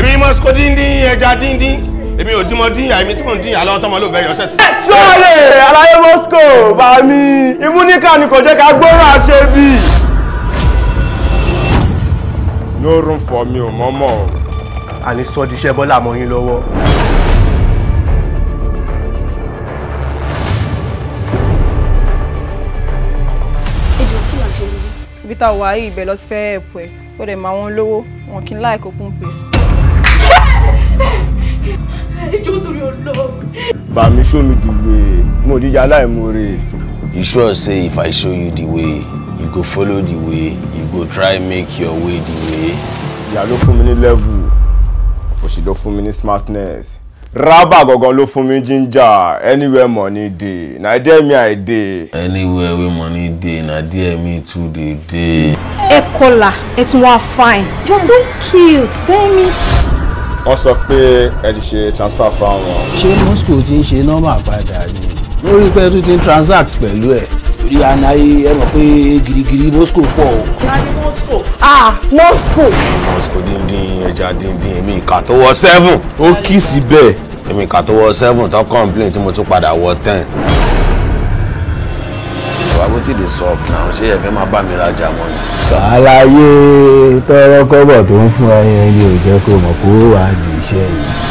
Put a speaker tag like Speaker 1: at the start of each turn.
Speaker 1: èmi mọ sọ díndín ẹja díndín èmi ò dímọ dín àìmí tí mò ń dín àlọ́ tọmọ ló fẹ́ yọṣẹ́. jọ́ọ̀lẹ̀ aláyé moscow bá mi imúníkà ni kò jẹ́ ká gbóòrò àṣẹ bí. no room for me o mọ́mọ́ o. àní sọ di iṣẹ́ bọ́lá mọ́ yín lọ́wọ́. ibi tá a wà yìí ibẹ̀ lọ sí fẹ́ ẹ̀pù ẹ̀ ó dẹ̀ máa wọn lówó wọn kì í like open place. ìjọ torí olóòwò. bàmí show me the way mo díjà láìmoore. you sure say if i show you the way you go follow the way you go try make your way the way. ìyá ló fún mi ní level òsì ló fún mi ní smartness. Rabba gangan ló fún mi ginger anywhere money dey na there me I dey. anywhere wey money dey na there me too dey dey. ẹ kọlà ẹ tún wá fine you are so cute Demi. wọ́n sọ pé ẹ ti ṣe transfer fún àwọn. ṣé moscow ti ń ṣe nọ́mbà padà ni lórí pé tó ti ń transact pẹ̀lú ẹ̀. torí anaye ẹ mọ̀ pé girigiri moscow pọ̀ o. a ní moscow. ah moscow. moscow ni ẹja díndín èmi ìka tó wọ seven. ó kì sí bẹ́ẹ̀. èmi ìka tó wọ seven tó complain tí mo tún padà wọ ten. bàbá bó ti dé sub náà ṣé ẹ fẹ́ máa bá mi rajà mọ́ ni. sàlàyé tọrọ kọ́bọ̀ tó ń fún ayẹyẹ ò jẹ́ kó mọ̀ kó wàá di iṣẹ́ yìí.